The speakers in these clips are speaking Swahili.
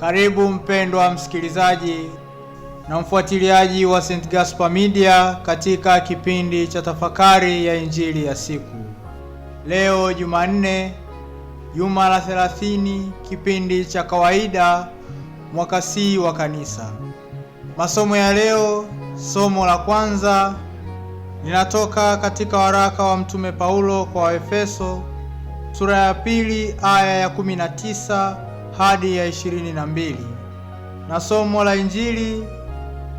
Karibu mpendwa msikilizaji na mfuatiliaji wa St. Gaspar Media katika kipindi cha tafakari ya Injili ya siku. Leo Jumanne, juma la 30 kipindi cha kawaida mwaka C wa kanisa. Masomo ya leo, somo la kwanza linatoka katika waraka wa Mtume Paulo kwa Waefeso sura ya pili aya ya 19 hadi ya ishirini na mbili na somo la Injili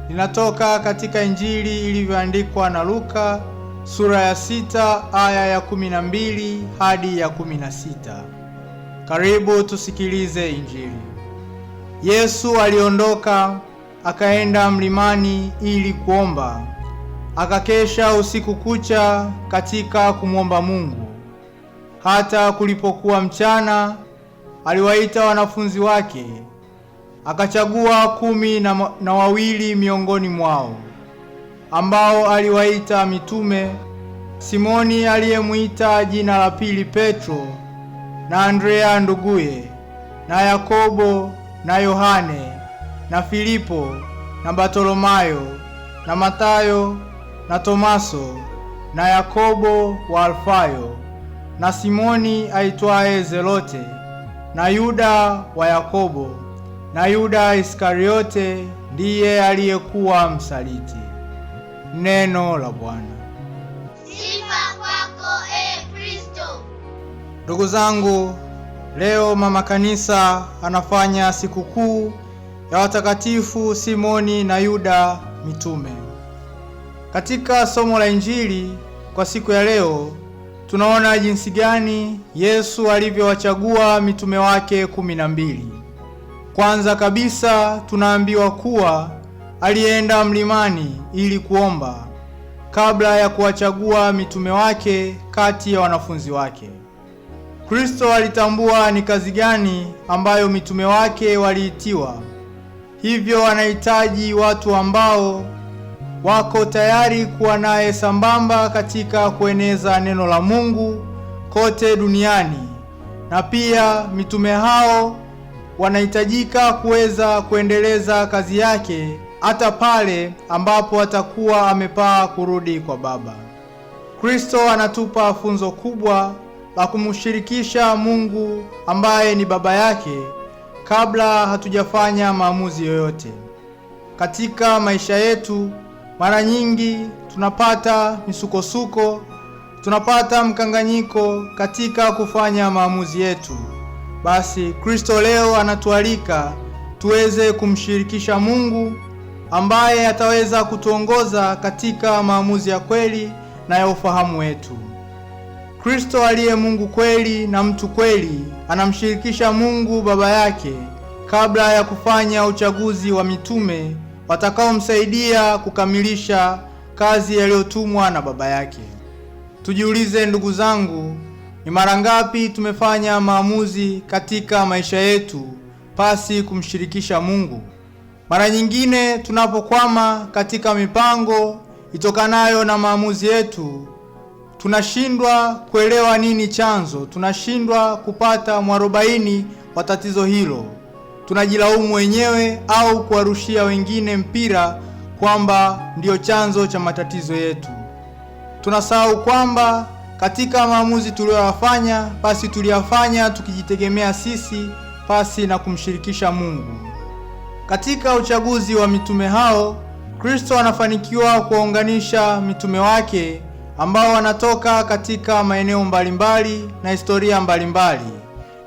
linatoka katika Injili ilivyoandikwa na Luka sura ya sita aya ya kumi na mbili hadi ya kumi na sita. Karibu tusikilize Injili. Yesu aliondoka akaenda mlimani ili kuomba, akakesha usiku kucha katika kumwomba Mungu. Hata kulipokuwa mchana aliwaita wanafunzi wake akachagua kumi na, na wawili miongoni mwao ambao aliwaita mitume: Simoni aliyemwita jina la pili Petro, na Andrea nduguye, na Yakobo na Yohane na Filipo na Bartolomayo na Matayo na Tomaso na Yakobo wa Alfayo na Simoni aitwaye Zelote na Yuda wa Yakobo na Yuda Iskariote ndiye aliyekuwa msaliti. Neno la Bwana. Sifa kwako e Kristo. Ndugu zangu, leo mama kanisa anafanya sikukuu ya watakatifu Simoni na Yuda mitume. Katika somo la Injili kwa siku ya leo tunaona jinsi gani Yesu alivyowachagua mitume wake kumi na mbili. Kwanza kabisa tunaambiwa kuwa alienda mlimani ili kuomba kabla ya kuwachagua mitume wake kati ya wanafunzi wake. Kristo alitambua ni kazi gani ambayo mitume wake waliitiwa, hivyo anahitaji watu ambao wako tayari kuwa naye sambamba katika kueneza neno la Mungu kote duniani, na pia mitume hao wanahitajika kuweza kuendeleza kazi yake hata pale ambapo atakuwa amepaa kurudi kwa Baba. Kristo anatupa funzo kubwa la kumshirikisha Mungu ambaye ni Baba yake kabla hatujafanya maamuzi yoyote katika maisha yetu mara nyingi tunapata misukosuko, tunapata mkanganyiko katika kufanya maamuzi yetu. Basi Kristo leo anatualika tuweze kumshirikisha Mungu ambaye ataweza kutuongoza katika maamuzi ya kweli na ya ufahamu wetu. Kristo aliye Mungu kweli na mtu kweli anamshirikisha Mungu Baba yake kabla ya kufanya uchaguzi wa mitume watakaomsaidia kukamilisha kazi yaliyotumwa na baba yake. Tujiulize ndugu zangu, ni mara ngapi tumefanya maamuzi katika maisha yetu pasi kumshirikisha Mungu? Mara nyingine tunapokwama katika mipango itokanayo na maamuzi yetu, tunashindwa kuelewa nini chanzo, tunashindwa kupata mwarobaini wa tatizo hilo tunajilaumu wenyewe au kuwarushia wengine mpira kwamba ndiyo chanzo cha matatizo yetu. Tunasahau kwamba katika maamuzi tuliyoyafanya, basi tuliyafanya tukijitegemea sisi pasi na kumshirikisha Mungu. Katika uchaguzi wa mitume hao, Kristo anafanikiwa kuwaunganisha mitume wake ambao wanatoka katika maeneo mbalimbali na historia mbalimbali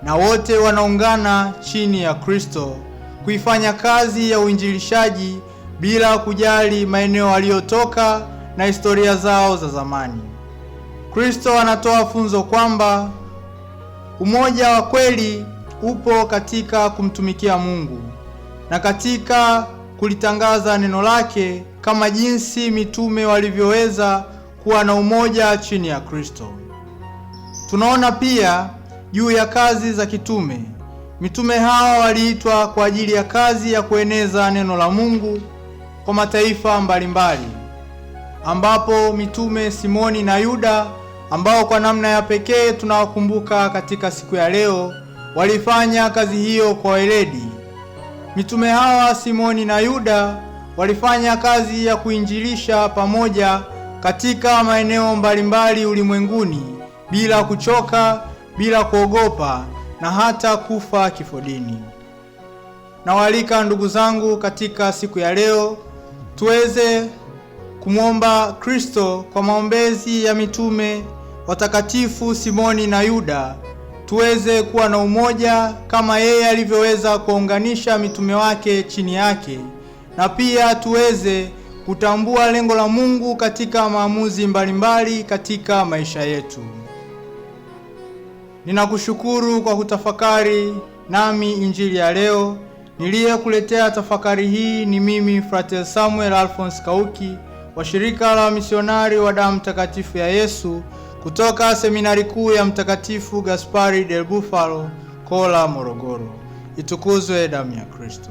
na wote wanaungana chini ya Kristo kuifanya kazi ya uinjilishaji bila kujali maeneo waliyotoka na historia zao za zamani. Kristo anatoa funzo kwamba umoja wa kweli upo katika kumtumikia Mungu na katika kulitangaza neno lake kama jinsi mitume walivyoweza kuwa na umoja chini ya Kristo. Tunaona pia juu ya kazi za kitume. Mitume hawa waliitwa kwa ajili ya kazi ya kueneza neno la Mungu kwa mataifa mbalimbali, ambapo mitume Simoni na Yuda ambao kwa namna ya pekee tunawakumbuka katika siku ya leo walifanya kazi hiyo kwa weledi. Mitume hawa Simoni na Yuda walifanya kazi ya kuinjilisha pamoja katika maeneo mbalimbali ulimwenguni bila kuchoka bila kuogopa na hata kufa kifodini. Nawaalika ndugu zangu, katika siku ya leo tuweze kumwomba Kristo kwa maombezi ya mitume watakatifu Simoni na Yuda, tuweze kuwa na umoja kama yeye alivyoweza kuwaunganisha mitume wake chini yake, na pia tuweze kutambua lengo la Mungu katika maamuzi mbalimbali katika maisha yetu ninakushukuru kwa kutafakari nami injili ya leo. Niliyekuletea tafakari hii ni mimi Frater Samuel Alphonse Kauki wa shirika la wamisionari wa damu takatifu ya Yesu kutoka seminari kuu ya Mtakatifu Gaspari del Bufalo, Kola, Morogoro. Itukuzwe damu ya Kristo!